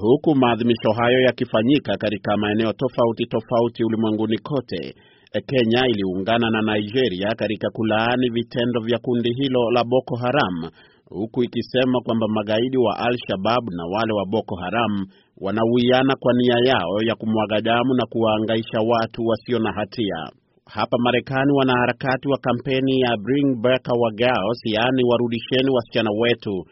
huku maadhimisho hayo yakifanyika katika maeneo tofauti tofauti ulimwenguni kote. Kenya iliungana na Nigeria katika kulaani vitendo vya kundi hilo la Boko Haram huku ikisema kwamba magaidi wa Al-Shabab na wale wa Boko Haram wanawiana kwa nia yao ya kumwaga damu na kuwaangaisha watu wasio na hatia. Hapa Marekani, wanaharakati wa kampeni ya Bring Back yaani warudisheni wasichana wetu,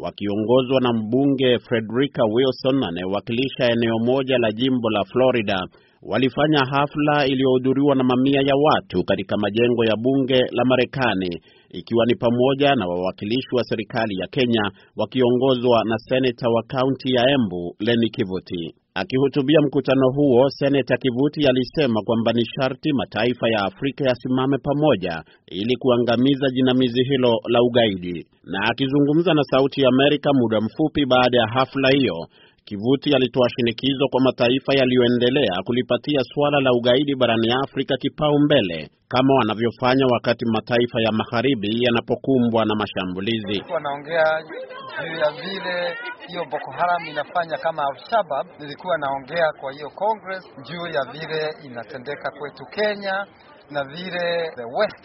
wakiongozwa na mbunge Frederica Wilson anayewakilisha eneo moja la jimbo la Florida walifanya hafla iliyohudhuriwa na mamia ya watu katika majengo ya bunge la Marekani, ikiwa ni pamoja na wawakilishi wa serikali ya Kenya wakiongozwa na seneta wa kaunti ya Embu Leni Kivuti. Akihutubia mkutano huo, seneta Kivuti alisema kwamba ni sharti mataifa ya Afrika yasimame pamoja ili kuangamiza jinamizi hilo la ugaidi. Na akizungumza na Sauti ya Amerika muda mfupi baada ya hafla hiyo, Kivuti alitoa shinikizo kwa mataifa yaliyoendelea kulipatia suala la ugaidi barani Afrika kipaumbele kama wanavyofanya wakati mataifa ya magharibi yanapokumbwa na mashambulizi. Wanaongea juu ya vile hiyo Boko Haram inafanya kama Al-Shabab. Nilikuwa naongea kwa hiyo Congress juu ya vile inatendeka kwetu Kenya na vile the West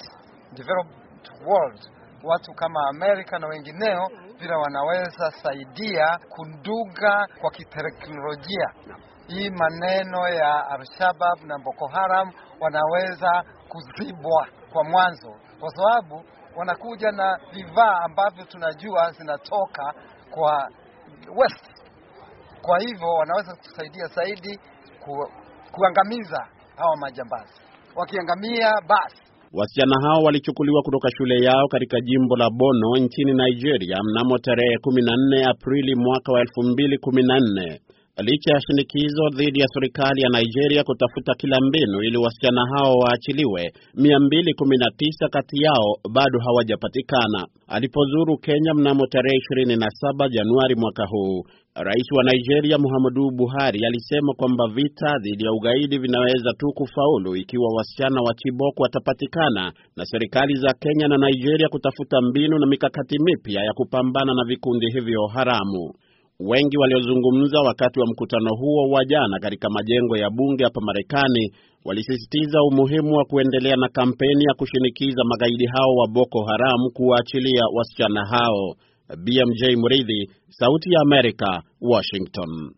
developed world watu kama Amerika na wengineo mhm. vile wanaweza saidia kunduga kwa kiteknolojia hii maneno ya Alshabab na Boko Haram wanaweza kuzibwa kwa mwanzo, kwa sababu wanakuja na vifaa ambavyo tunajua zinatoka kwa West. Kwa hivyo wanaweza kutusaidia zaidi ku, kuangamiza hawa majambazi. Wakiangamia basi Wasichana hao walichukuliwa kutoka shule yao katika jimbo la Bono nchini Nigeria mnamo tarehe 14 Aprili mwaka wa 2014 licha ya shinikizo dhidi ya serikali ya Nigeria kutafuta kila mbinu ili wasichana hao waachiliwe, 219 kati yao bado hawajapatikana. Alipozuru Kenya mnamo tarehe 27 Januari mwaka huu, Rais wa Nigeria Muhammadu Buhari alisema kwamba vita dhidi ya ugaidi vinaweza tu kufaulu ikiwa wasichana wa Chibok watapatikana na serikali za Kenya na Nigeria kutafuta mbinu na mikakati mipya ya kupambana na vikundi hivyo haramu. Wengi waliozungumza wakati wa mkutano huo wa jana katika majengo ya bunge hapa Marekani walisisitiza umuhimu wa kuendelea na kampeni ya kushinikiza magaidi hao wa Boko Haram kuwaachilia wasichana hao. BMJ Muridhi, Sauti ya Amerika, Washington.